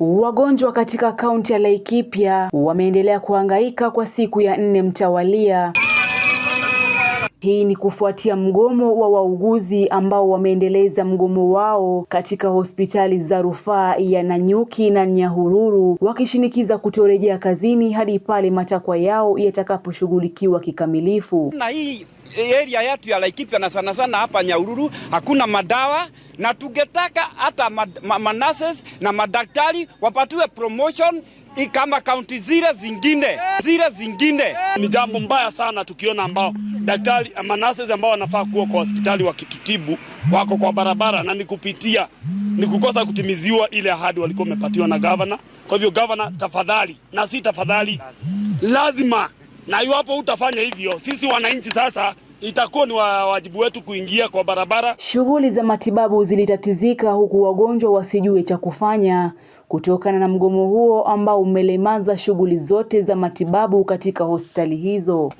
Wagonjwa katika kaunti ya Laikipia wameendelea kuhangaika kwa siku ya nne mtawalia hii ni kufuatia mgomo wa wauguzi ambao wameendeleza mgomo wao katika hospitali za rufaa ya Nanyuki na Nyahururu wakishinikiza kutorejea kazini hadi pale matakwa yao yatakaposhughulikiwa kikamilifu. Na hii area yetu ya Laikipia na sana sana hapa Nyahururu hakuna madawa, na tungetaka hata manases na madaktari wapatiwe promotion kama kaunti zile zingine zile zingine. Ni jambo mbaya sana tukiona ambao daktari ama nurses ambao wanafaa kuwa kwa hospitali wakitutibu wako kwa barabara, na nikupitia nikukosa ni kukosa kutimiziwa ile ahadi walikuwa wamepatiwa na gavana. Kwa hivyo gavana, tafadhali na si tafadhali, lazima na iwapo utafanya hivyo, sisi wananchi sasa itakuwa ni wajibu wetu kuingia kwa barabara. Shughuli za matibabu zilitatizika huku wagonjwa wasijue cha kufanya kutokana na mgomo huo ambao umelemaza shughuli zote za matibabu katika hospitali hizo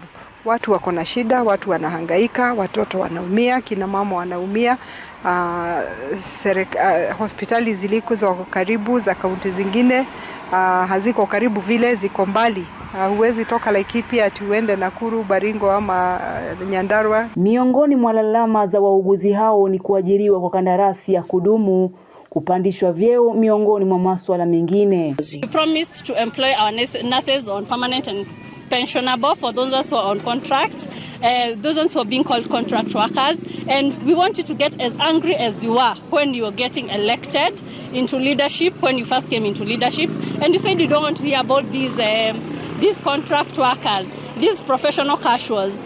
watu wako na shida, watu wanahangaika, watoto wanaumia, kina mama wanaumia. Uh, serek, uh, hospitali ziliko za karibu za kaunti zingine uh, haziko karibu vile, ziko mbali. Huwezi uh, toka Laikipia ati uende Nakuru, Baringo ama uh, Nyandarua. Miongoni mwa lalama za wauguzi hao ni kuajiriwa kwa kandarasi ya kudumu, kupandishwa vyeo, miongoni mwa masuala mengine. We promised to employ our nurses on permanent and pensionable for those who are on contract, uh, those who are being called contract workers. And we want you to get as angry as you are when you were getting elected into leadership, when you first came into leadership. And you said you don't want to hear about these, um, these contract workers, these professional casuals.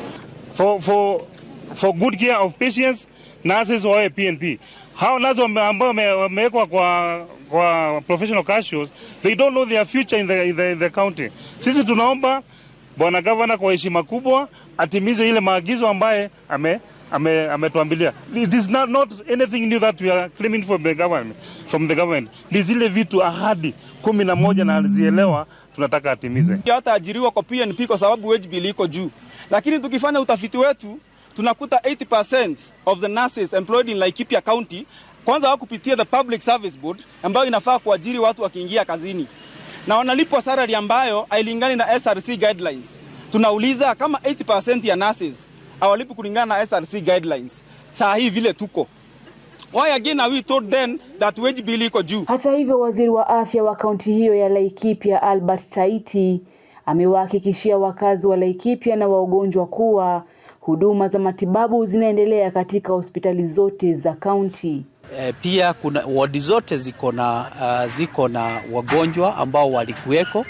For, for, for good care of patients, nurses or PNP. Hao nurses ambao wamewekwa kwa, kwa professional cashiers? they don't know their future in the, in the, in the county. Sisi tunaomba bwana gavana kwa heshima kubwa atimize ile maagizo ambaye ame ametuambilia it is not, not anything new that we are claiming from the government, from the government. Ni zile vitu ahadi kumi na moja na alizielewa tunataka atimize. Hata ajiriwa kwa PNP kwa sababu wage bill iko juu, lakini tukifanya utafiti wetu tunakuta 80% of the nurses employed in Laikipia County kwanza kupitia the public service board ambayo inafaa kuajiri watu wakiingia kazini na wanalipwa salary ambayo hailingani na SRC guidelines. Tunauliza kama 80% ya nurses hawalipi kulingana na SRC guidelines, saa hii vile tuko Why again are we told then that wage bill iko juu? Hata hivyo, waziri wa afya wa kaunti hiyo ya Laikipia Albert Taiti amewahakikishia wakazi wa Laikipia na wagonjwa kuwa huduma za matibabu zinaendelea katika hospitali zote za kaunti. E, pia kuna wodi zote ziko na uh, ziko na wagonjwa ambao walikuweko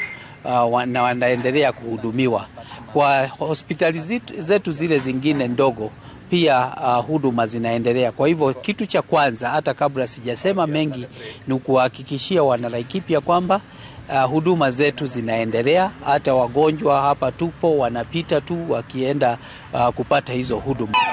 uh, na wanaendelea kuhudumiwa. Kwa hospitali zetu zile zingine ndogo pia uh, huduma zinaendelea. Kwa hivyo kitu cha kwanza, hata kabla sijasema mengi, ni kuwahakikishia Wanalaikipia kwamba uh, huduma zetu zinaendelea. Hata wagonjwa hapa tupo wanapita tu wakienda uh, kupata hizo huduma.